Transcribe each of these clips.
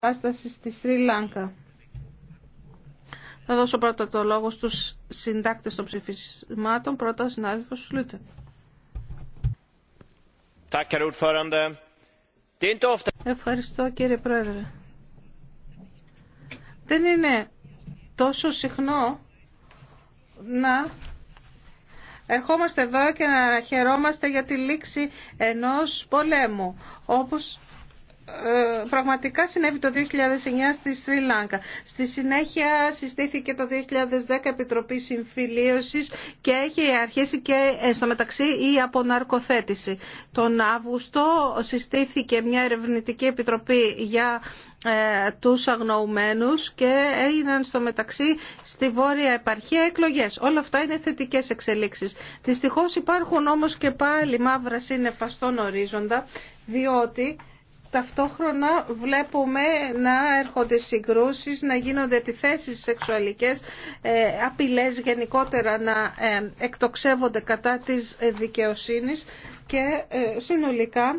κατάσταση στη Σρι Λάνκα. Θα δώσω πρώτα το λόγο στους συντάκτες των ψηφισμάτων. Πρώτα ο συνάδελφος Σλούτε. Ευχαριστώ κύριε Πρόεδρε. Δεν είναι τόσο συχνό να ερχόμαστε εδώ και να χαιρόμαστε για τη λήξη ενός πολέμου, όπως ε, πραγματικά συνέβη το 2009 στη Σρι Λάγκα. Στη συνέχεια συστήθηκε το 2010 Επιτροπή Συμφιλίωσης και έχει αρχίσει και ε, στο μεταξύ η αποναρκοθέτηση. Τον Αύγουστο συστήθηκε μια ερευνητική επιτροπή για ε, τους αγνοουμένους και έγιναν στο μεταξύ στη Βόρεια Επαρχία εκλογές. Όλα αυτά είναι θετικές εξελίξεις. Δυστυχώς υπάρχουν όμως και πάλι μαύρα σύννεφα στον ορίζοντα διότι Ταυτόχρονα βλέπουμε να έρχονται συγκρούσεις, να γίνονται επιθέσεις σεξουαλικές, ε, απειλές γενικότερα να ε, εκτοξεύονται κατά της ε, δικαιοσύνης και συνολικά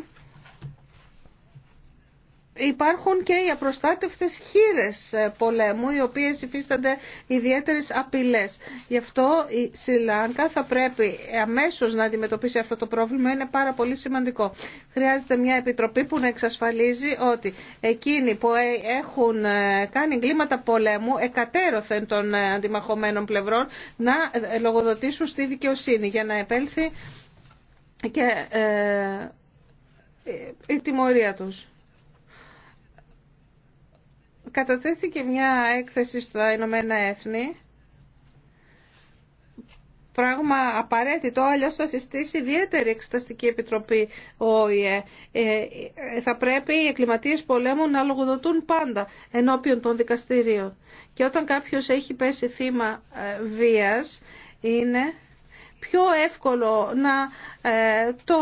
υπάρχουν και οι απροστάτευτες χείρες ε, πολέμου, οι οποίες υφίστανται ιδιαίτερες απειλές. Γι' αυτό η Σιλάνκα θα πρέπει αμέσως να αντιμετωπίσει αυτό το πρόβλημα, είναι πάρα πολύ σημαντικό. Χρειάζεται μια επιτροπή που να εξασφαλίζει ότι εκείνοι που ε, έχουν ε, κάνει εγκλήματα πολέμου, εκατέρωθεν των αντιμαχωμένων πλευρών, να λογοδοτήσουν στη δικαιοσύνη για να επέλθει και η τιμωρία τους κατατέθηκε μια έκθεση στα Ηνωμένα Έθνη πράγμα απαραίτητο, αλλιώ θα συστήσει ιδιαίτερη εξεταστική επιτροπή ο ΟΗΕ. Ε, θα πρέπει οι εκκληματίε πολέμου να λογοδοτούν πάντα ενώπιον των δικαστηρίων. Και όταν κάποιος έχει πέσει θύμα ε, βίας, είναι πιο εύκολο να ε, το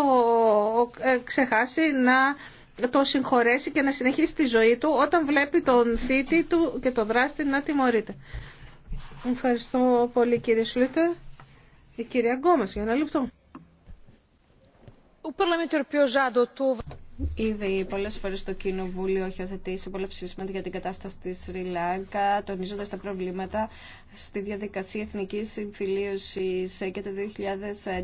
ξεχάσει, να το συγχωρέσει και να συνεχίσει τη ζωή του όταν βλέπει τον θήτη του και τον δράστη να τιμωρείται. Ευχαριστώ πολύ κύριε Σλίτερ. Η κυρία Γκόμας για ένα λεπτό. Ήδη πολλέ φορέ το Κοινοβούλιο έχει οθετήσει πολλά ψηφίσματα για την κατάσταση της Σρι Λάγκα, τονίζοντας τα προβλήματα στη διαδικασία εθνική συμφιλίωση. Ε, και το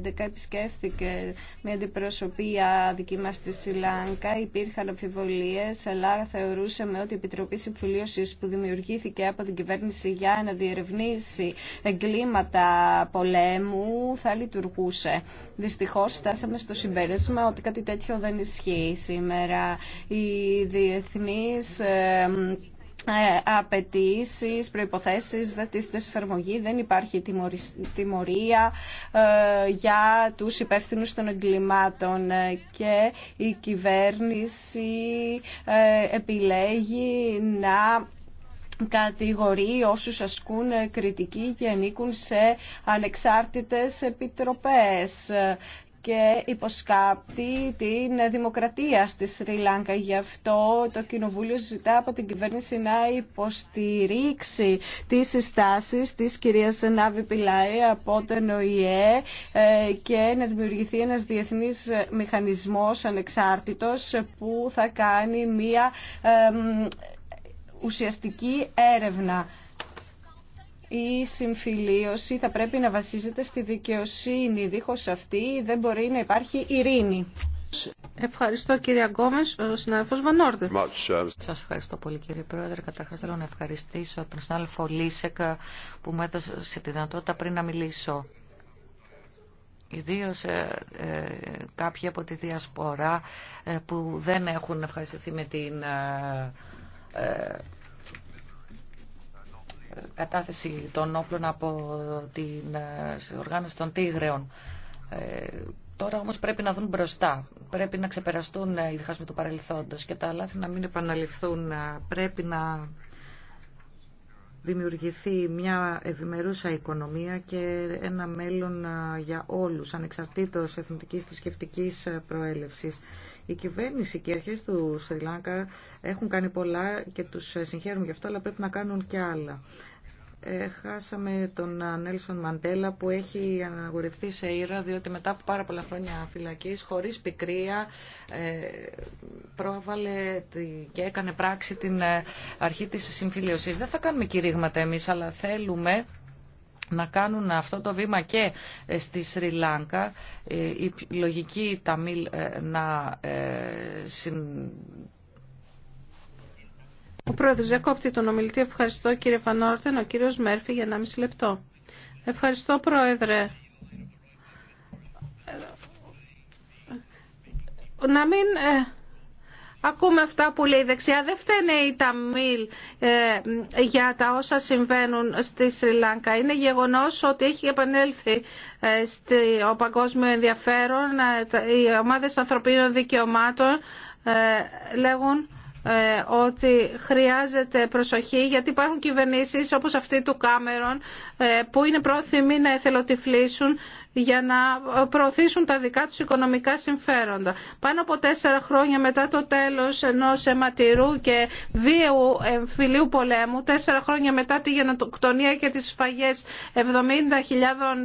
2011 επισκέφθηκε μια αντιπροσωπεία δική μα στη Σρι Λάγκα. Υπήρχαν αμφιβολίε, αλλά θεωρούσαμε ότι η Επιτροπή Συμφιλίωση που δημιουργήθηκε από την κυβέρνηση για να διερευνήσει εγκλήματα πολέμου θα λειτουργούσε. Δυστυχώ, φτάσαμε στο συμπέρασμα ότι κάτι τέτοιο δεν ισχύει σήμερα. Οι διεθνείς ε, απαιτήσει, προποθέσει, δεν τίθεται σε εφαρμογή, δεν υπάρχει τιμωρία ε, για του υπεύθυνου των εγκλημάτων ε, και η κυβέρνηση επιλέγει να κατηγορεί όσους ασκούν κριτική και ανήκουν σε ανεξάρτητες επιτροπές και υποσκάπτει την δημοκρατία στη Σρι Λάγκα. Γι' αυτό το Κοινοβούλιο ζητά από την κυβέρνηση να υποστηρίξει τις συστάσεις της κυρίας Νάβη Πιλάη από τον ΟΗΕ ε, και να δημιουργηθεί ένας διεθνής μηχανισμός ανεξάρτητος που θα κάνει μία ουσιαστική έρευνα η συμφιλίωση θα πρέπει να βασίζεται στη δικαιοσύνη. Δίχως αυτή δεν μπορεί να υπάρχει ειρήνη. Ευχαριστώ κύριε Γκόμες, ο συνάδελφο Βανόρντε. Uh, Σας ευχαριστώ πολύ κύριε Πρόεδρε. Καταρχάς θέλω να ευχαριστήσω τον συνάδελφο Λίσεκα ε, που μου έδωσε τη δυνατότητα πριν να μιλήσω. Ιδίω ε, ε, κάποιοι από τη διασπορά ε, που δεν έχουν ευχαριστηθεί με την ε, κατάθεση των όπλων από την ε, οργάνωση των Τίγρεων. Ε, τώρα όμως πρέπει να δουν μπροστά. Πρέπει να ξεπεραστούν οι ε, διχάσμοι του παρελθόντος και τα λάθη να μην επαναληφθούν. Πρέπει να δημιουργηθεί μια ευημερούσα οικονομία και ένα μέλλον για όλους, ανεξαρτήτως εθνικής θρησκευτική προέλευσης. Η κυβέρνηση και οι αρχές του Σρι έχουν κάνει πολλά και τους συγχαίρουμε γι' αυτό, αλλά πρέπει να κάνουν και άλλα. Ε, χάσαμε τον Νέλσον Μαντέλα που έχει αναγορευτεί σε ήρα διότι μετά από πάρα πολλά χρόνια φυλακής χωρίς πικρία ε, πρόβαλε και έκανε πράξη την ε, αρχή της συμφιλίωσης. Δεν θα κάνουμε κηρύγματα εμείς αλλά θέλουμε να κάνουν αυτό το βήμα και ε, στη Σρι Λάνκα, η ε, λογική Ταμίλ ε, να Ο πρόεδρος διακόπτει τον ομιλητή. Ευχαριστώ κύριε Φανόρτεν, ο κύριος Μέρφη για μισή λεπτό. Ευχαριστώ πρόεδρε. Να μην Ακούμε αυτά που λέει η δεξιά. Δεν φταίνε οι Ταμίλ ε, για τα όσα συμβαίνουν στη Σρι Λάνκα. Είναι γεγονός ότι έχει επανέλθει ε, ο παγκόσμιο ενδιαφέρον. Ε, οι ομάδες ανθρωπίνων δικαιωμάτων λέγουν ε, ότι χρειάζεται προσοχή γιατί υπάρχουν κυβερνήσεις όπως αυτή του Κάμερον ε, που είναι πρόθυμοι να εθελοτυφλήσουν για να προωθήσουν τα δικά τους οικονομικά συμφέροντα. Πάνω από τέσσερα χρόνια μετά το τέλος ενός αιματηρού και βίαιου εμφυλίου πολέμου, τέσσερα χρόνια μετά τη γενοκτονία και τις σφαγές 70.000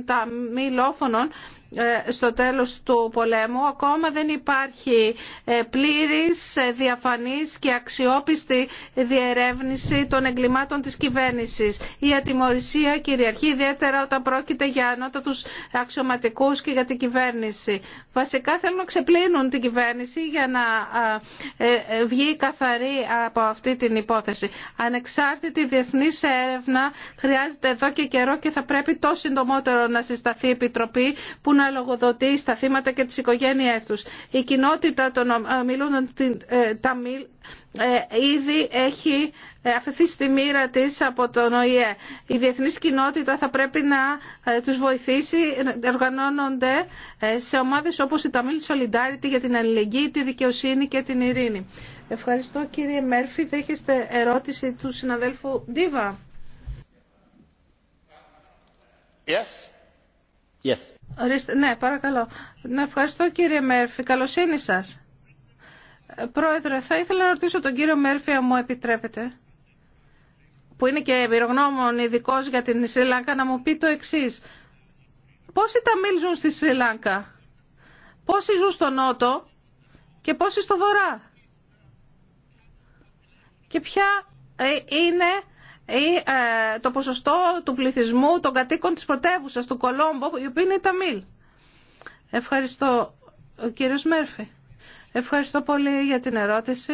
ταμιλόφωνων, ε, στο τέλος του πολέμου. Ακόμα δεν υπάρχει ε, πλήρης, ε, διαφανής και αξιόπιστη διερεύνηση των εγκλημάτων της κυβέρνησης. Η ατιμορρησία κυριαρχεί ιδιαίτερα όταν πρόκειται για ανώτατους αξιωματικούς και για την κυβέρνηση. Βασικά θέλουν να ξεπλύνουν την κυβέρνηση για να βγει καθαρή από αυτή την υπόθεση. Ανεξάρτητη διεθνή έρευνα χρειάζεται εδώ και καιρό και θα πρέπει το συντομότερο να συσταθεί η Επιτροπή που να λογοδοτεί στα θύματα και τις οικογένειές τους. Η κοινότητα των ε, ομιλούν την ε, Ταμίλ ε, ήδη έχει αφαιθεί στη μοίρα της από τον ΟΗΕ. Η διεθνής κοινότητα θα πρέπει να τους βοηθήσει, οργανώνονται σε ομάδες όπως η Ταμίλ Solidarity για την αλληλεγγύη, τη δικαιοσύνη και την ειρήνη. Ευχαριστώ κύριε Μέρφη. Δέχεστε ερώτηση του συναδέλφου Ντίβα. Yes. Yes. ναι, παρακαλώ. Να ευχαριστώ κύριε Μέρφη. Καλωσύνη σας. Πρόεδρε, θα ήθελα να ρωτήσω τον κύριο Μέρφη, αν μου επιτρέπετε, που είναι και εμπειρογνώμων ειδικό για την Σρι Λάγκα, να μου πει το εξή. Πόσοι Ταμίλ ζουν στη Σρι Λάγκα, πόσοι ζουν στο Νότο και πόσοι στο Βορρά. Και ποια ε, είναι ή ε, το ποσοστό του πληθυσμού των κατοίκων της πρωτεύουσας του Κολόμπο, οι οποίοι είναι Ταμίλ. Ευχαριστώ, κύριος Μέρφη. Ευχαριστώ πολύ για την ερώτηση.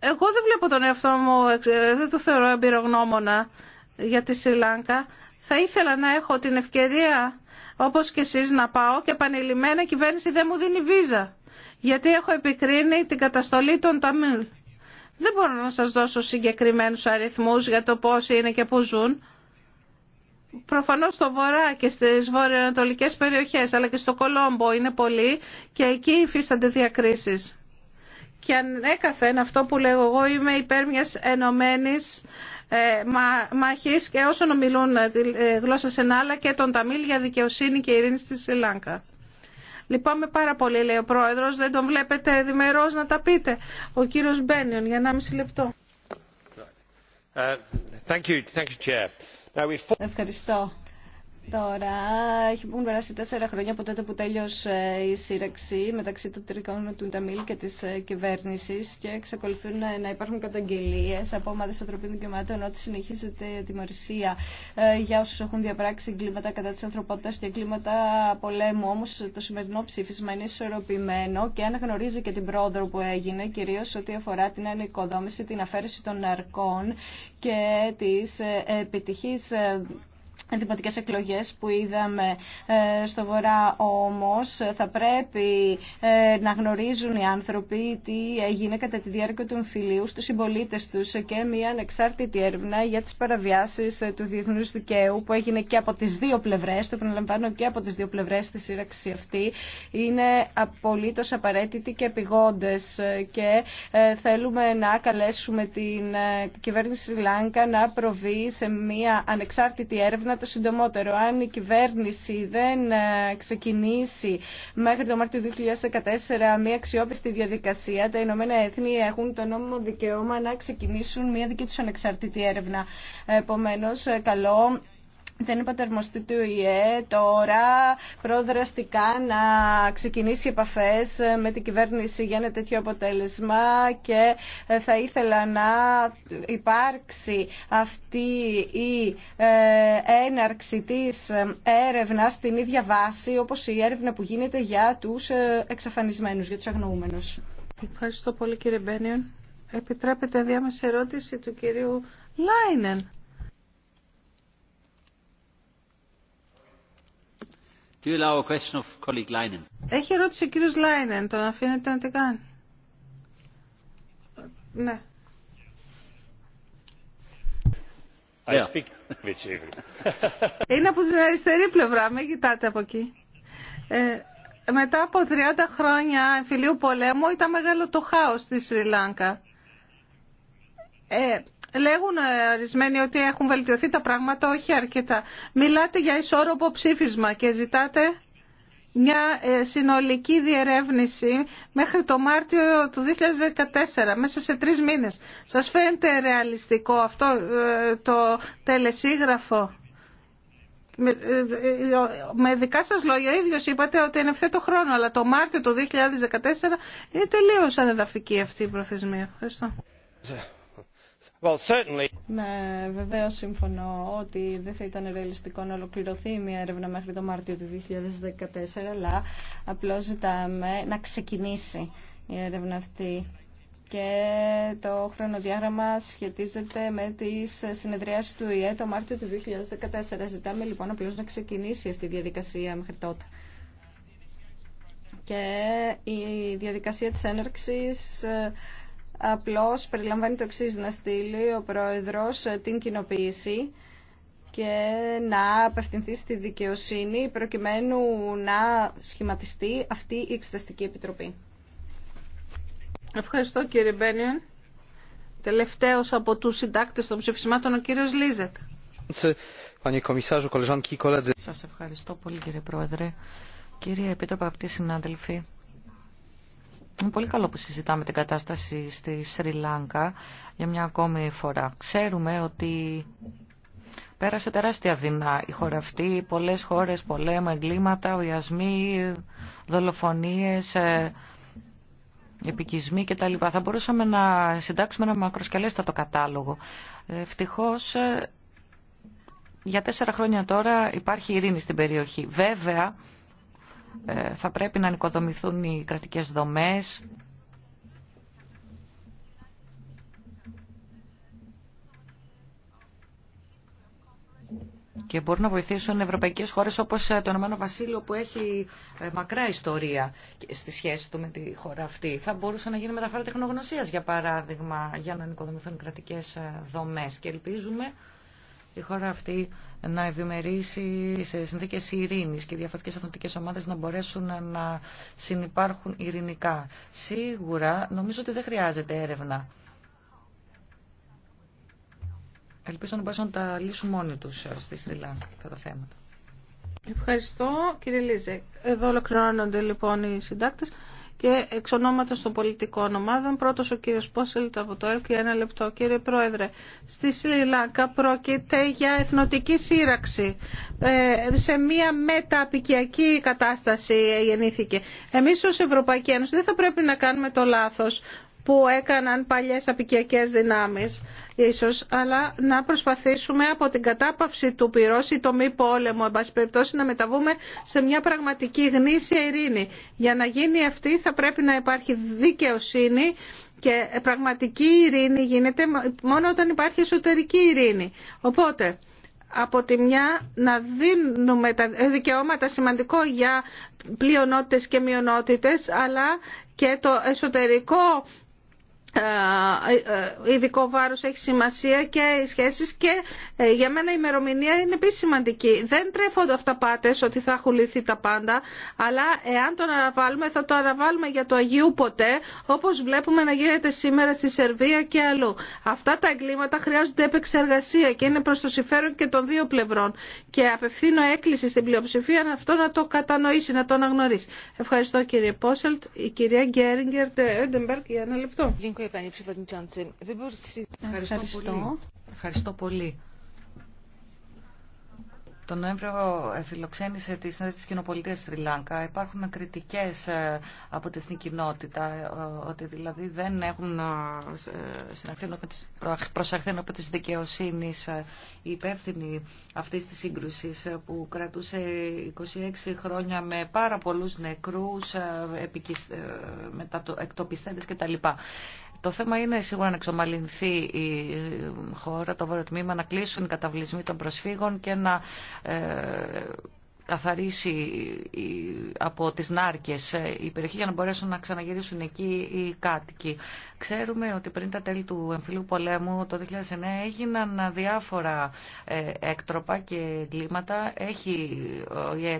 Εγώ δεν βλέπω τον εαυτό μου, ε, δεν το θεωρώ εμπειρογνώμονα για τη Σιλάνκα. Θα ήθελα να έχω την ευκαιρία, όπως και εσείς, να πάω και επανειλημμένα η κυβέρνηση δεν μου δίνει βίζα. Γιατί έχω επικρίνει την καταστολή των Ταμίλ. Δεν μπορώ να σας δώσω συγκεκριμένους αριθμούς για το πόσοι είναι και πού ζουν. Προφανώς στο βορρά και στις βορειοανατολικές περιοχές, αλλά και στο Κολόμπο είναι πολύ και εκεί υφίστανται διακρίσεις. Και αν έκαθεν αυτό που λέω εγώ είμαι υπέρ μιας ενωμένης ε, μάχης και όσων ομιλούν ε, τη ε, γλώσσα άλλα και των Ταμίλ για δικαιοσύνη και ειρήνη στη Σιλάνκα. Λυπάμαι πάρα πολύ, λέει ο πρόεδρο. δεν τον βλέπετε διμερό να τα πείτε. Ο κύριο Μπένιον, για 1,5 λεπτό. thank uh, thank you, you, Chair. Now Ευχαριστώ. Τώρα έχουν περάσει τέσσερα χρόνια από τότε που τέλειωσε η σύραξη μεταξύ των τρικών του Νταμίλ και τη ε, κυβέρνηση, και εξακολουθούν να υπάρχουν καταγγελίε από ομάδε ανθρωπίνων δικαιωμάτων ότι συνεχίζεται η τιμωρησία ε, για όσου έχουν διαπράξει εγκλήματα κατά τη ανθρωπότητα και εγκλήματα πολέμου. όμω το σημερινό ψήφισμα είναι ισορροπημένο και αναγνωρίζει και την πρόοδο που έγινε κυρίω ό,τι αφορά την ανοικοδόμηση, την αφαίρεση των αρκών και τι ε, επιτυχείς δημοτικές εκλογές που είδαμε ε, στο Βορρά όμως θα πρέπει ε, να γνωρίζουν οι άνθρωποι τι έγινε κατά τη διάρκεια του εμφυλίου στους συμπολίτε τους και μια ανεξάρτητη έρευνα για τις παραβιάσεις ε, του διεθνούς δικαίου που έγινε και από τις δύο πλευρές, το προλαμβάνω και από τις δύο πλευρές της σύραξη αυτή είναι απολύτως απαραίτητη και επιγόντες και θέλουμε να καλέσουμε την κυβέρνηση Σρι να προβεί σε μια ανεξάρτητη έρευνα το συντομότερο. Αν η κυβέρνηση δεν ε, ξεκινήσει μέχρι το Μάρτιο 2014 μια αξιόπιστη διαδικασία, τα Ηνωμένα Έθνη έχουν το νόμιμο δικαίωμα να ξεκινήσουν μια δική του ανεξαρτητή έρευνα. Επομένω, ε, καλό δεν είπα αρμοστή του ΙΕ τώρα προδραστικά να ξεκινήσει επαφές με την κυβέρνηση για ένα τέτοιο αποτέλεσμα και ε, θα ήθελα να υπάρξει αυτή η ε, έναρξη της ε, έρευνας στην ίδια βάση όπως η έρευνα που γίνεται για τους εξαφανισμένους, για τους αγνοούμενους. Ευχαριστώ πολύ κύριε Μπένιον. Επιτρέπετε διάμεση ερώτηση του κυρίου Λάινεν. Έχει ερώτηση ο κύριος Λάινεν, τον αφήνετε να την κάνει. Ναι. Είναι από την αριστερή πλευρά, μην κοιτάτε από εκεί. Ε, μετά από 30 χρόνια εμφυλίου πολέμου ήταν μεγάλο το χάος στη Σρι Λάνκα. Ε, Λέγουν ε, ορισμένοι ότι έχουν βελτιωθεί τα πράγματα, όχι αρκετά. Μιλάτε για ισόρροπο ψήφισμα και ζητάτε μια ε, συνολική διερεύνηση μέχρι το Μάρτιο του 2014, μέσα σε τρεις μήνες. Σας φαίνεται ρεαλιστικό αυτό ε, το τελεσίγραφο. Με δικά σας λόγια, ίδιος είπατε ότι είναι το χρόνο, αλλά το Μάρτιο του 2014 είναι τελείως ανεδαφική αυτή η προθεσμία. Ευχαριστώ. Well, certainly. Ναι, βεβαίω συμφωνώ ότι δεν θα ήταν ρεαλιστικό να ολοκληρωθεί μια έρευνα μέχρι το Μάρτιο του 2014, αλλά απλώ ζητάμε να ξεκινήσει η έρευνα αυτή. Και το χρονοδιάγραμμα σχετίζεται με τις συνεδριάσεις του ΙΕ το Μάρτιο του 2014. Ζητάμε λοιπόν απλώ να ξεκινήσει αυτή η διαδικασία μέχρι τότε και η διαδικασία της έναρξης ε, Απλώς περιλαμβάνει το εξή να στείλει ο Πρόεδρος ε, την κοινοποίηση και να απευθυνθεί στη δικαιοσύνη προκειμένου να σχηματιστεί αυτή η Εξεταστική Επιτροπή. Ευχαριστώ κύριε Μπένιον. Τελευταίος από τους συντάκτες των ψηφισμάτων ο κύριος Λίζεκ. Σας ευχαριστώ πολύ κύριε Πρόεδρε. Κύριε Επίτροπα, αυτοί συνάδελφοι, είναι πολύ καλό που συζητάμε την κατάσταση στη Σρι Λάγκα για μια ακόμη φορά. Ξέρουμε ότι πέρασε τεράστια δεινά η χώρα αυτή, πολλές χώρες, πολέμα, εγκλήματα, οιασμοί, δολοφονίες, ε, επικισμοί κτλ. Θα μπορούσαμε να συντάξουμε ένα μακροσκελέστατο κατάλογο. Ευτυχώς ε, για τέσσερα χρόνια τώρα υπάρχει ειρήνη στην περιοχή. Βέβαια, ε, θα πρέπει να νοικοδομηθούν οι κρατικές δομές. Και μπορούν να βοηθήσουν ευρωπαϊκές χώρες όπως ε, το Ηνωμένο Βασίλειο που έχει ε, μακρά ιστορία στη σχέση του με τη χώρα αυτή. Θα μπορούσε να γίνει μεταφορά τεχνογνωσίας για παράδειγμα για να νοικοδομηθούν οι κρατικές δομές. Και ελπίζουμε η χώρα αυτή να ευημερήσει σε συνθήκες ειρήνης και οι διαφορετικές αθλητικές ομάδες να μπορέσουν να συνεπάρχουν ειρηνικά. Σίγουρα νομίζω ότι δεν χρειάζεται έρευνα. Ελπίζω να μπορέσουν να τα λύσουν μόνοι τους ε, στη Σριλάνκα αυτά τα θέματα. Ευχαριστώ κύριε Λίζε. Εδώ ολοκληρώνονται λοιπόν οι συντάκτες και εξ ονόματος των πολιτικών ομάδων. Πρώτος ο κύριος Πόσελτ από το ΕΛΚ ένα λεπτό. Κύριε Πρόεδρε, στη Σιλάνκα πρόκειται για εθνοτική σύραξη. Ε, σε μία μεταπικιακή κατάσταση γεννήθηκε. Εμείς ως Ευρωπαϊκή Ένωση δεν θα πρέπει να κάνουμε το λάθος που έκαναν παλιές απικιακές δυνάμεις ίσως, αλλά να προσπαθήσουμε από την κατάπαυση του πυρός ή το μη πόλεμο, να μεταβούμε σε μια πραγματική γνήσια ειρήνη. Για να γίνει αυτή θα πρέπει να υπάρχει δικαιοσύνη και πραγματική ειρήνη γίνεται μόνο όταν υπάρχει εσωτερική ειρήνη. Οπότε, από τη μια να δίνουμε τα δικαιώματα σημαντικό για πλειονότητες και μειονότητες, αλλά και το εσωτερικό ε, ε, ειδικό βάρος έχει σημασία και οι σχέσεις και ε, για μένα η ημερομηνία είναι επίσης σημαντική. Δεν τρέφονται αυτά πάτες ότι θα έχουν λυθεί τα πάντα, αλλά εάν το αναβάλουμε θα το αναβάλουμε για το Αγίου ποτέ, όπως βλέπουμε να γίνεται σήμερα στη Σερβία και αλλού. Αυτά τα εγκλήματα χρειάζονται επεξεργασία και είναι προς το συμφέρον και των δύο πλευρών. Και απευθύνω έκκληση στην πλειοψηφία αυτό να το κατανοήσει, να το αναγνωρίσει. Ευχαριστώ κύριε Πόσελτ, η κυρία Γκέριγκερ για ένα λεπτό. Ευχαριστώ πολύ. Το Νοέμβριο ε, φιλοξένησε τη συνέντευξη τη κοινοπολιτεία Σρι Λάγκα. Υπάρχουν κριτικέ ε, από την εθνική κοινότητα, ε, ότι δηλαδή δεν έχουν προσαρθεί από τις δικαιοσύνη, οι υπεύθυνοι αυτή τη σύγκρουση, που κρατούσε 26 χρόνια με πάρα πολλού νεκρού, εκτοπιστέντε κτλ. Το θέμα είναι σίγουρα να εξομαλυνθεί η χώρα, το βόρειο τμήμα, να κλείσουν οι καταβλισμοί των προσφύγων και να ε, καθαρίσει από τις νάρκες ε, η περιοχή για να μπορέσουν να ξαναγυρίσουν εκεί οι κάτοικοι. Ξέρουμε ότι πριν τα τέλη του εμφυλίου πολέμου το 2009 έγιναν διάφορα ε, έκτροπα και κλίματα. Έχει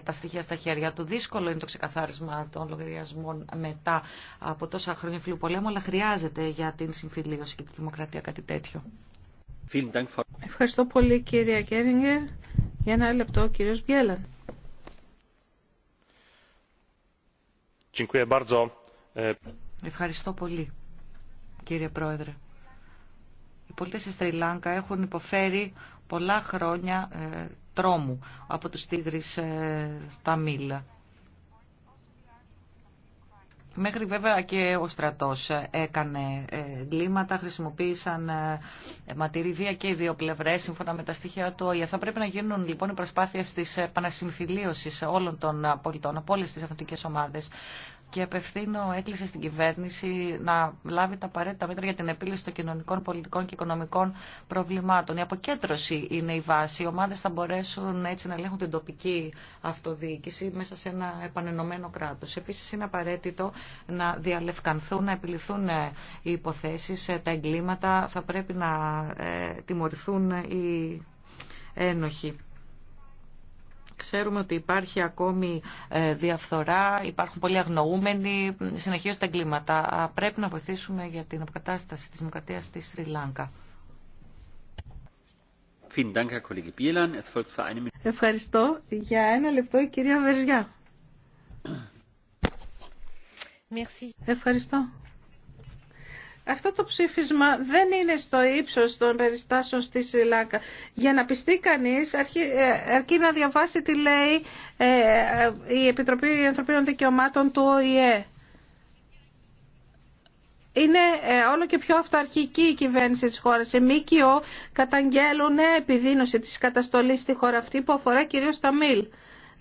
τα στοιχεία στα χέρια του. Δύσκολο είναι το ξεκαθάρισμα των λογαριασμών μετά από τόσα χρόνια εμφυλίου πολέμου, αλλά χρειάζεται για την συμφιλίωση και τη δημοκρατία κάτι τέτοιο. Ευχαριστώ πολύ κύριε Κέρινγκερ. Για ένα λεπτό, ο κύριος ε, Ευχαριστώ πολύ, κύριε Πρόεδρε. Οι πολίτες της Τριλάνκα έχουν υποφέρει πολλά χρόνια ε, τρόμου από τους ε, τα μήλα. Μέχρι βέβαια και ο στρατός έκανε ε, εγκλήματα, χρησιμοποίησαν ε, ματηριδία και οι δύο πλευρές σύμφωνα με τα στοιχεία του ΟΗΑ. Θα πρέπει να γίνουν λοιπόν οι προσπάθειες της επανασυμφιλίωσης όλων των πολιτών από όλες τις αθλητικές ομάδες και απευθύνω έκκληση στην κυβέρνηση να λάβει τα απαραίτητα μέτρα για την επίλυση των κοινωνικών, πολιτικών και οικονομικών προβλημάτων. Η αποκέντρωση είναι η βάση. Οι ομάδε θα μπορέσουν έτσι να ελέγχουν την τοπική αυτοδιοίκηση μέσα σε ένα επανενωμένο κράτο. Επίση, είναι απαραίτητο να διαλευκανθούν, να επιληθούν ε, οι υποθέσει, ε, τα εγκλήματα. Θα πρέπει να ε, τιμωρηθούν οι ένοχοι. Ξέρουμε ότι υπάρχει ακόμη ε, διαφθορά, υπάρχουν πολλοί αγνοούμενοι, συνεχίζονται τα εγκλήματα. Πρέπει να βοηθήσουμε για την αποκατάσταση της δημοκρατίας στη Σρι Λάγκα. Ευχαριστώ. Για ένα λεπτό η κυρία Βερζιά. Ευχαριστώ αυτό το ψήφισμα δεν είναι στο ύψος των περιστάσεων στη Σιλάκα. Για να πιστεί κανείς, ε, αρκεί να διαβάσει τι λέει ε, ε, η Επιτροπή Ανθρωπίνων Δικαιωμάτων του ΟΗΕ. Είναι όλο και πιο αυταρχική η κυβέρνηση της χώρας. Οι ΜΚΟ καταγγέλουν ναι, επιδείνωση της καταστολής στη χώρα αυτή που αφορά κυρίως τα ΜΙΛ.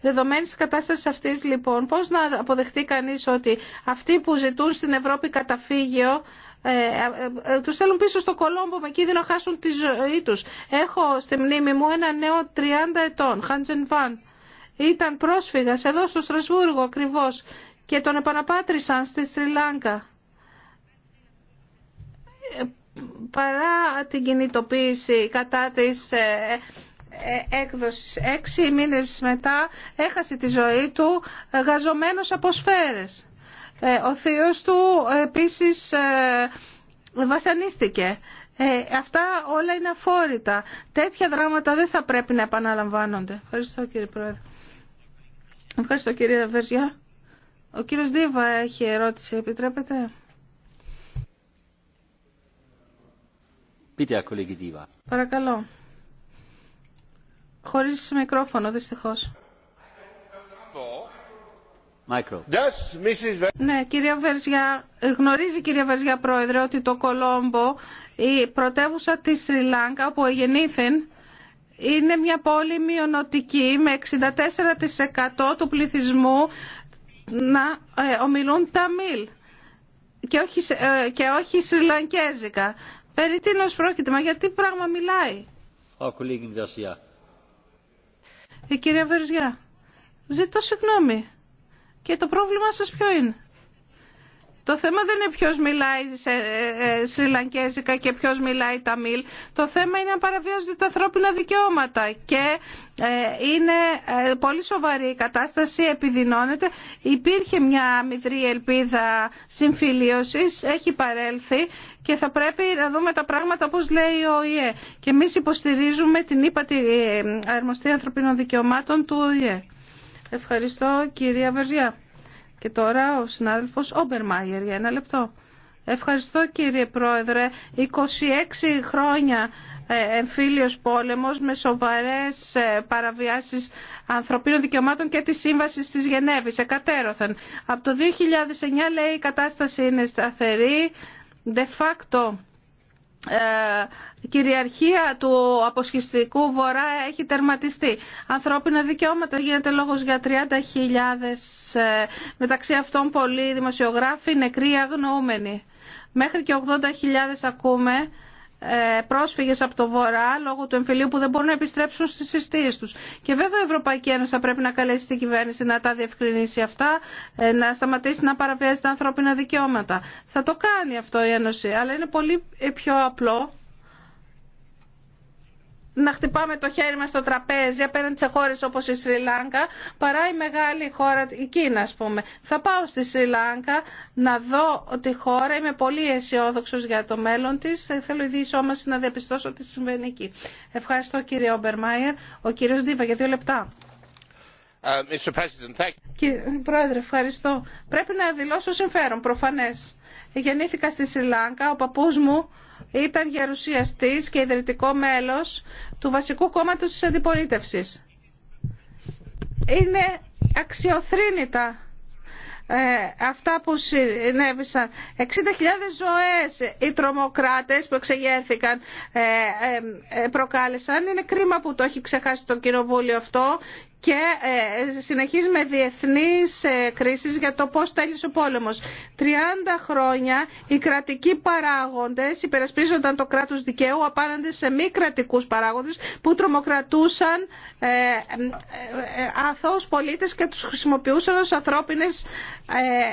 Δεδομένης κατάστασης αυτής λοιπόν, πώς να αποδεχτεί κανείς ότι αυτοί που ζητούν στην Ευρώπη καταφύγιο ε, ε, ε, τους θέλουν πίσω στο Κολόμπο με κίνδυνο χάσουν τη ζωή τους. Έχω στη μνήμη μου ένα νέο 30 ετών, Χάντζεν Βαν. Ήταν πρόσφυγας εδώ στο Στρασβούργο ακριβώ. και τον επαναπάτρισαν στη Στριλάνκα παρά την κινητοποίηση κατά της έκδοσης. Έξι μήνες μετά έχασε τη ζωή του γαζωμένος από σφαίρες. Ε, ο θείος του ε, επίσης ε, βασανίστηκε. αυτά όλα είναι αφόρητα. Τέτοια δράματα δεν θα πρέπει να επαναλαμβάνονται. Ευχαριστώ κύριε Πρόεδρε. Ευχαριστώ κύριε Βερζιά. Ο κύριος Δίβα έχει ερώτηση, επιτρέπετε. Πείτε, Παρακαλώ. Χωρίς μικρόφωνο, δυστυχώς. Ναι, κυρία Βερζιά, γνωρίζει κυρία Βερζιά Πρόεδρε ότι το Κολόμπο, η πρωτεύουσα της Σρι Λάγκα, όπου είναι μια πόλη μειονοτική με 64% του πληθυσμού να ε, ομιλούν ταμίλ και όχι, ε, και όχι σριλανκέζικα. Περί τίνος πρόκειται, μα γιατί πράγμα μιλάει. Η κυρία Βερζιά, ζητώ συγγνώμη. Και το πρόβλημά σας ποιο είναι. Το θέμα δεν είναι ποιος μιλάει σε, ε, ε, Σριλανκέζικα και ποιος μιλάει Ταμίλ. Το θέμα είναι να παραβιάζονται τα ανθρώπινα δικαιώματα και ε, είναι πολύ σοβαρή η κατάσταση, επιδεινώνεται. Υπήρχε μια μηδρή ελπίδα συμφιλίωσης, έχει παρέλθει και θα πρέπει να δούμε τα πράγματα όπως λέει ο ΟΗΕ. Και εμείς υποστηρίζουμε την ύπατη αρμοστή ανθρωπίνων δικαιωμάτων του ΟΗΕ. Ευχαριστώ κυρία Βερζιά. Και τώρα ο συνάδελφος Μάγερ για ένα λεπτό. Ευχαριστώ κύριε Πρόεδρε. 26 χρόνια ε, εμφύλιος πόλεμος με σοβαρές ε, παραβιάσεις ανθρωπίνων δικαιωμάτων και τη σύμβαση της Γενέβης, Εκατέρωθαν. Από το 2009 λέει η κατάσταση είναι σταθερή, de facto ε, κυριαρχία του αποσχιστικού βορρά έχει τερματιστεί. Ανθρώπινα δικαιώματα γίνεται λόγος για 30.000 ε, μεταξύ αυτών πολλοί δημοσιογράφοι νεκροί αγνοούμενοι. Μέχρι και 80.000 ακούμε ε, πρόσφυγες από το Βορρά λόγω του εμφυλίου που δεν μπορούν να επιστρέψουν στις συστήσεις τους. Και βέβαια η Ευρωπαϊκή Ένωση θα πρέπει να καλέσει την κυβέρνηση να τα διευκρινίσει αυτά, ε, να σταματήσει να παραβιάζει τα ανθρώπινα δικαιώματα. Θα το κάνει αυτό η Ένωση, αλλά είναι πολύ πιο απλό να χτυπάμε το χέρι μας στο τραπέζι απέναντι σε χώρες όπως η Σρι Λάγκα παρά η μεγάλη χώρα, η Κίνα ας πούμε. Θα πάω στη Σρι Λάγκα να δω τη χώρα, είμαι πολύ αισιόδοξο για το μέλλον της, θέλω η διεισόμαση να διαπιστώσω τι συμβαίνει εκεί. Ευχαριστώ κύριε Μάιερ. Ο κύριος Δίβα για δύο λεπτά. Ε, Mr. thank Κύριε Πρόεδρε, ευχαριστώ. Πρέπει να δηλώσω συμφέρον, προφανές. Γεννήθηκα στη Σρι Λάγκα, ο παππούς μου ήταν γερουσιαστής και ιδρυτικό μέλος του βασικού κόμματος της αντιπολίτευσης. Είναι αξιοθρύνητα ε, αυτά που συνέβησαν. 60.000 ζωές οι τρομοκράτες που εξεγέρθηκαν ε, ε, προκάλεσαν. Είναι κρίμα που το έχει ξεχάσει το κοινοβούλιο αυτό και ε, συνεχίζει με διεθνείς ε, κρίσεις για το πώς τέλειωσε ο πόλεμος. 30 χρόνια οι κρατικοί παράγοντες υπερασπίζονταν το κράτος δικαίου απέναντι σε μη κρατικούς παράγοντες που τρομοκρατούσαν ε, ε, αθώους πολίτες και τους χρησιμοποιούσαν ως ανθρώπινες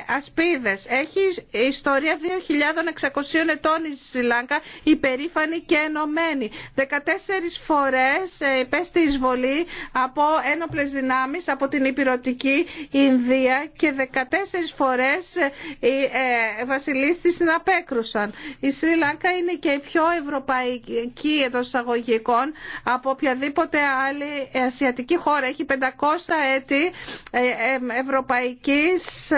ασπίδες. Έχει ιστορία 2.600 ετών η Σιλάνκα υπερήφανη και ενωμένη. 14 φορές υπέστη εισβολή από ένα δυνάμεις από την Υπηρωτική Ινδία και 14 φορές οι ε, βασιλείς της την απέκρουσαν. Η Σρι Λάνκα είναι και η πιο ευρωπαϊκή εντό εισαγωγικών από οποιαδήποτε άλλη ασιατική χώρα. Έχει 500 έτη ε, ε, ευρωπαϊκής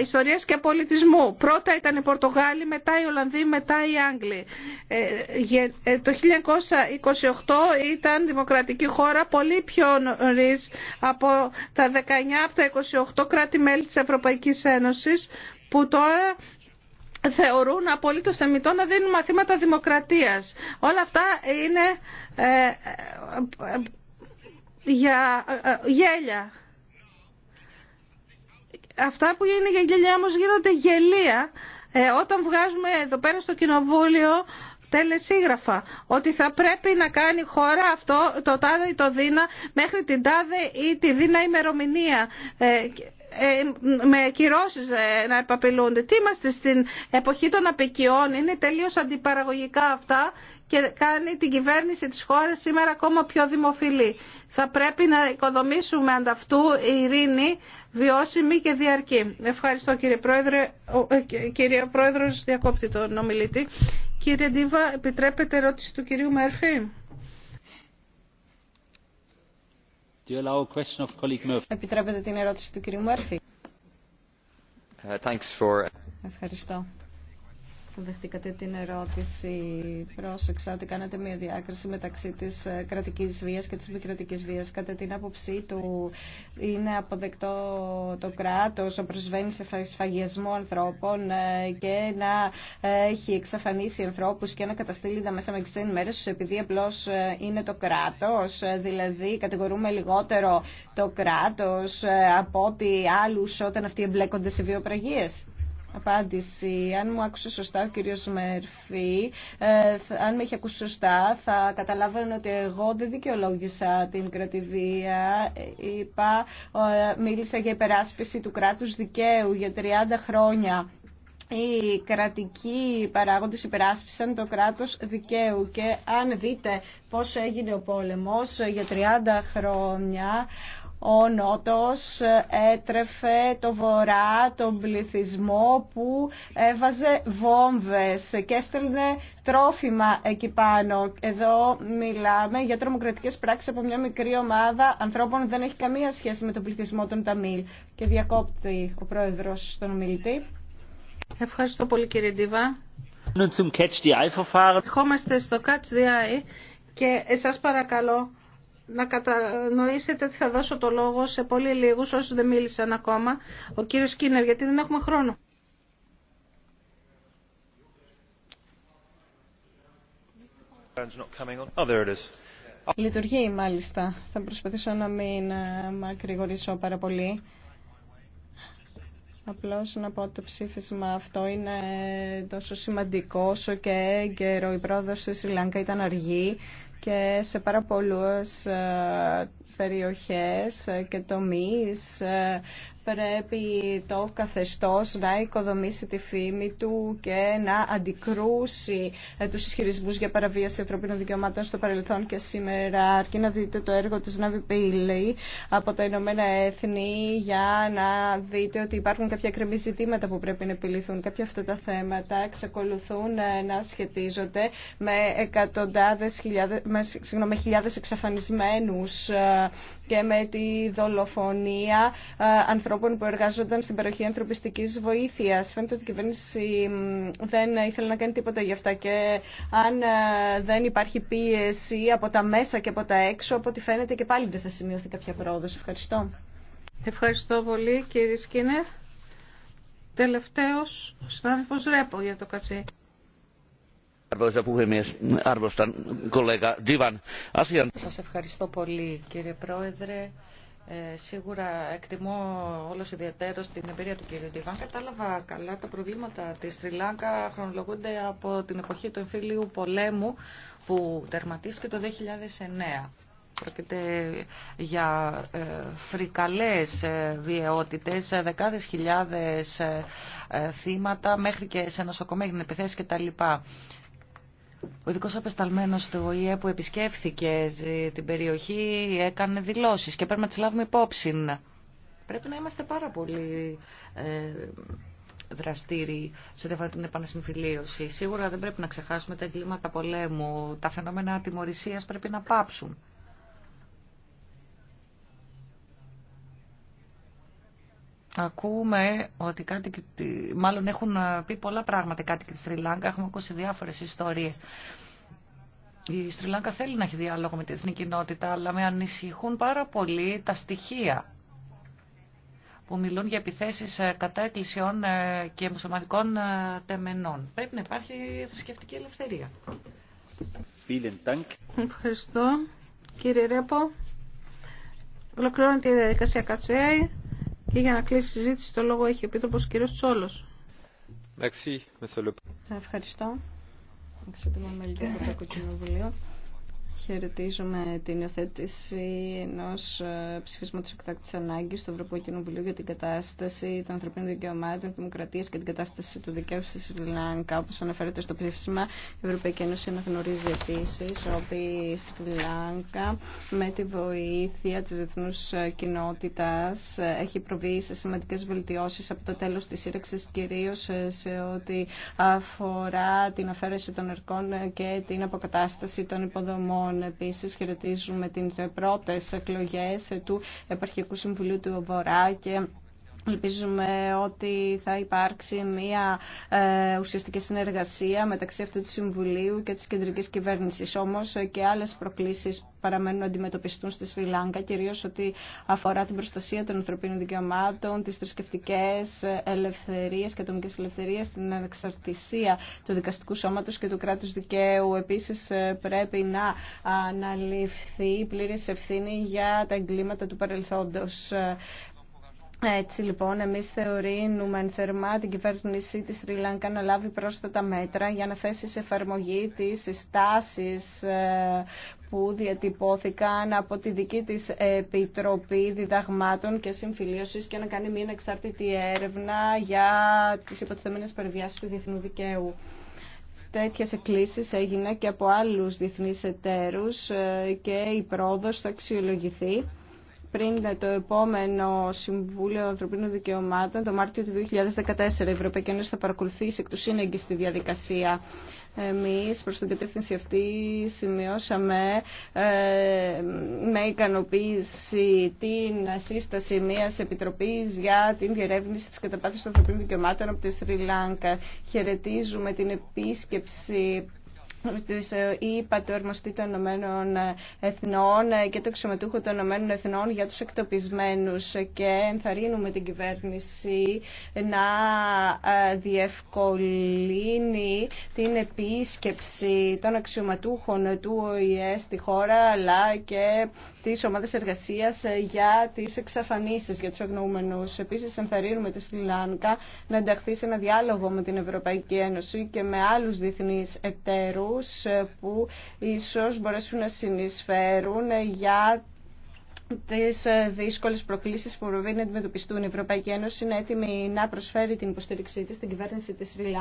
ιστορίας και πολιτισμού. Πρώτα ήταν οι Πορτογάλοι, μετά οι Ολλανδοί, μετά οι Άγγλοι. Το 1928 ήταν δημοκρατική χώρα πολύ πιο από τα 19 από τα 28 κράτη-μέλη της Ευρωπαϊκής Ένωσης που τώρα θεωρούν απολύτω θεμητό να δίνουν μαθήματα δημοκρατίας. Όλα αυτά είναι ε, ε, ε, για γέλια. Αυτά που είναι για γέλια όμως γίνονται γελία όταν βγάζουμε εδώ πέρα στο κοινοβούλιο τελεσίγραφα ότι θα πρέπει να κάνει χώρα αυτό το τάδε ή το δίνα μέχρι την τάδε ή τη δίνα ημερομηνία ε, ε, με κυρώσει ε, να επαπειλούνται. Τι είμαστε στην εποχή των απικιών, είναι τελείως αντιπαραγωγικά αυτά και κάνει την κυβέρνηση της χώρας σήμερα ακόμα πιο δημοφιλή. Θα πρέπει να οικοδομήσουμε ανταυτού η ειρήνη βιώσιμη και διαρκή. Ευχαριστώ κύριε να οικοδομησουμε ανταυτου κύριε Πρόεδρος διακόπτη τον ομιλητή. Κύριε Ντίβα, επιτρέπετε ερώτηση του κυρίου Μέρφυ. Επιτρέπετε την ερώτηση του κυρίου Μέρφυ. Uh, Ευχαριστώ που δεχτήκατε την ερώτηση. Πρόσεξα ότι κάνατε μια διάκριση μεταξύ τη ε, κρατική βία και τη μη κρατική βία. Κατά την άποψή του είναι αποδεκτό το κράτο, να προσβαίνει σε σφαγιασμό ανθρώπων ε, και να ε, έχει εξαφανίσει ανθρώπου και να καταστήλει τα μέσα με 60 μέρε, επειδή απλώ είναι το κράτο, Δηλαδή κατηγορούμε λιγότερο το κράτο από ότι άλλου όταν αυτοί εμπλέκονται σε βιοπραγίε απάντηση. Αν μου άκουσε σωστά ο κύριος Μερφή... Ε, αν με είχε ακούσει σωστά, θα καταλάβαινε ότι εγώ δεν δικαιολόγησα την κρατηδία. Ε, είπα, ε, μίλησα για υπεράσπιση του κράτους δικαίου για 30 χρόνια. Οι κρατικοί παράγοντες υπεράσπισαν το κράτος δικαίου και αν δείτε πώς έγινε ο πόλεμος για 30 χρόνια, ο Νότος έτρεφε το Βορρά, τον πληθυσμό που έβαζε βόμβες και έστελνε τρόφιμα εκεί πάνω. Εδώ μιλάμε για τρομοκρατικές πράξεις από μια μικρή ομάδα ανθρώπων που δεν έχει καμία σχέση με τον πληθυσμό των Ταμίλ. Και διακόπτει ο πρόεδρος τον ομιλητή. Ευχαριστώ πολύ κύριε Ντίβα. Ερχόμαστε στο Catch the Eye και σας παρακαλώ να κατανοήσετε ότι θα δώσω το λόγο σε πολύ λίγους όσους δεν μίλησαν ακόμα. Ο κύριος Κίνερ, γιατί δεν έχουμε χρόνο. Oh, Λειτουργεί μάλιστα. Θα προσπαθήσω να μην ε, μακρηγορήσω πάρα πολύ. Απλώς να πω ότι το ψήφισμα αυτό είναι τόσο σημαντικό όσο και έγκαιρο. Η πρόοδος στη Σιλάνκα ήταν αργή και σε πάρα πολλούς ε, περιοχές ε, και τομείς ε, πρέπει το καθεστώς να οικοδομήσει τη φήμη του και να αντικρούσει ε, τους ισχυρισμού για παραβίαση ανθρωπίνων δικαιωμάτων στο παρελθόν και σήμερα. Αρκεί να δείτε το έργο της Ναβι Πίλη από τα Ηνωμένα Έθνη για να δείτε ότι υπάρχουν κάποια κρεμή ζητήματα που πρέπει να επιληθούν. Κάποια αυτά τα θέματα εξακολουθούν ε, να σχετίζονται με εκατοντάδες χιλιάδες, χιλιάδες εξαφανισμένους ε, και με τη δολοφονία ανθρώπων ανθρώπων που εργάζονταν στην παροχή ανθρωπιστική βοήθεια. Φαίνεται ότι η κυβέρνηση δεν ήθελε να κάνει τίποτα γι' αυτά και αν ε, δεν υπάρχει πίεση από τα μέσα και από τα έξω, από ό,τι φαίνεται και πάλι δεν θα σημειωθεί κάποια πρόοδο. Ευχαριστώ. Ευχαριστώ πολύ κύριε Σκίνερ. Τελευταίος, συνάδελφος Ρέπο για το κατσί. Σας ευχαριστώ πολύ κύριε Πρόεδρε. Ε, σίγουρα εκτιμώ όλο ιδιαίτερο την εμπειρία του κύριου Ντιβάν. Κατάλαβα καλά τα προβλήματα τη Λάγκα χρονολογούνται από την εποχή του εμφύλιου πολέμου που τερματίστηκε το 2009. Πρόκειται για ε, φρικαλές ε, βιαιότητες, ε, δεκάδες χιλιάδες ε, ε, θύματα μέχρι και σε νοσοκομεία, επιθέσεις κτλ. Ο ειδικό απεσταλμένο του ΟΗΕ που επισκέφθηκε την περιοχή έκανε δηλώσεις και πρέπει να τι λάβουμε υπόψη. Πρέπει να είμαστε πάρα πολύ ε, δραστήριοι σε ό,τι αφορά την επανασυμφιλίωση. Σίγουρα δεν πρέπει να ξεχάσουμε τα εγκλήματα πολέμου. Τα φαινόμενα ατιμορρησία πρέπει να πάψουν. Ακούμε ότι κάτι, μάλλον έχουν ε, πει πολλά πράγματα κάτι και στη Σρι έχουμε ακούσει διάφορες ιστορίες. Η Σρι θέλει να έχει διάλογο με την εθνική κοινότητα, αλλά με ανησυχούν πάρα πολύ τα στοιχεία που μιλούν για επιθέσεις ε, κατά εκκλησιών ε, και μουσουλμανικών τεμενών. Πρέπει να υπάρχει θρησκευτική ελευθερία. Ευχαριστώ. Κύριε Ρέπο, ολοκληρώνεται η διαδικασία Κατσέη. Και για να κλείσει η συζήτηση το λόγο έχει ο Επίτροπο κ. Τσόλο. Ευχαριστώ. Χαιρετίζουμε την υιοθέτηση ενό ε, ψηφίσματο εκτάκτη ανάγκη του Ευρωπαϊκού Κοινοβουλίου για την κατάσταση των ανθρωπίνων δικαιωμάτων, δημοκρατία και την κατάσταση του δικαίου στη Σιλάνκα. Όπω αναφέρεται στο ψήφισμα, η Ευρωπαϊκή Ένωση αναγνωρίζει επίση ότι η Σιλάνκα με τη βοήθεια τη διεθνού ε, κοινότητα ε, έχει προβεί σε σημαντικέ βελτιώσει από το τέλο τη σύρεξη, κυρίω σε ό,τι αφορά την αφαίρεση των ερκών και την αποκατάσταση των υποδομών. Επίση, Επίσης χαιρετίζουμε τις πρώτες εκλογές του Επαρχικού Συμβουλίου του Βορρά και Ελπίζουμε ότι θα υπάρξει μια ε, ουσιαστική συνεργασία μεταξύ αυτού του Συμβουλίου και της κεντρικής κυβέρνησης. Όμως ε, και άλλες προκλήσεις παραμένουν να αντιμετωπιστούν στη Σρι κυρίως ότι αφορά την προστασία των ανθρωπίνων δικαιωμάτων, τις θρησκευτικέ ε, ελευθερίες και ατομικές ελευθερίες, την ανεξαρτησία του δικαστικού σώματος και του κράτους δικαίου. Επίσης πρέπει να αναλυφθεί πλήρης ευθύνη για τα εγκλήματα του παρελθόντος. Έτσι λοιπόν εμείς θεωρούμε θερμά την κυβέρνηση της Σρι να λάβει πρόσθετα μέτρα για να θέσει σε εφαρμογή τι συστάσει ε, που διατυπώθηκαν από τη δική της Επιτροπή Διδαγμάτων και Συμφιλίωσης και να κάνει μια εξάρτητη έρευνα για τις υποτιθέμενες περιβιάσεις του διεθνού δικαίου τέτοιες εκκλήσεις έγινε και από άλλους διεθνείς εταίρους ε, και η πρόοδος θα αξιολογηθεί πριν το επόμενο Συμβούλιο Ανθρωπίνων Δικαιωμάτων, το Μάρτιο του 2014, η Ευρωπαϊκή Ένωση θα παρακολουθήσει εκ του σύνεγγυ στη διαδικασία. Εμεί, προ την κατεύθυνση αυτή σημειώσαμε ε, με ικανοποίηση την σύσταση μια επιτροπής για την διερεύνηση τη καταπάτηση των ανθρωπίνων δικαιωμάτων από τη Σρι Χαιρετίζουμε την επίσκεψη τους είπα το Ερμοστή των Ηνωμένων Εθνών ε, και το Αξιωματούχου των Ηνωμένων Εθνών για τους εκτοπισμένους ε, και ενθαρρύνουμε την κυβέρνηση να ε, διευκολύνει την επίσκεψη των αξιωματούχων του ΟΗΕ στη χώρα αλλά και της ομάδας εργασίας για τις εξαφανίσεις για τους αγνοούμενους. Επίσης ενθαρρύνουμε τη Σιλάνκα να ενταχθεί σε ένα διάλογο με την Ευρωπαϊκή Ένωση και με άλλους διεθνείς εταίρους ε, που ίσως μπορέσουν να συνεισφέρουν για τι ε, δύσκολες προκλήσεις που μπορεί να αντιμετωπιστούν. Η Ευρωπαϊκή Ένωση είναι έτοιμη να προσφέρει την υποστήριξή τη στην κυβέρνηση της Σρι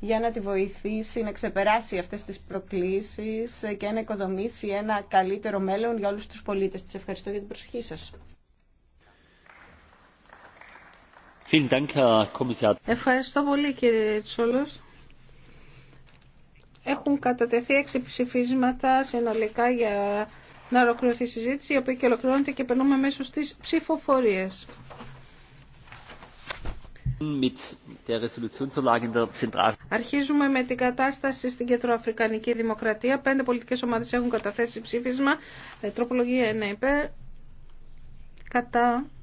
για να τη βοηθήσει να ξεπεράσει αυτές τις προκλήσεις και να οικοδομήσει ένα καλύτερο μέλλον για όλους τους πολίτες. Της ευχαριστώ για την προσοχή σα. Ευχαριστώ πολύ κύριε Τσόλος. Έχουν κατατεθεί έξι ψηφίσματα συνολικά για να ολοκληρωθεί η συζήτηση, η οποία και ολοκληρώνεται και περνούμε μέσω στι ψηφοφορίε. Αρχίζουμε με την κατάσταση στην Κεντροαφρικανική Δημοκρατία. Πέντε πολιτικές ομάδες έχουν καταθέσει ψήφισμα. Ε, τροπολογία 1 υπέρ. Κατά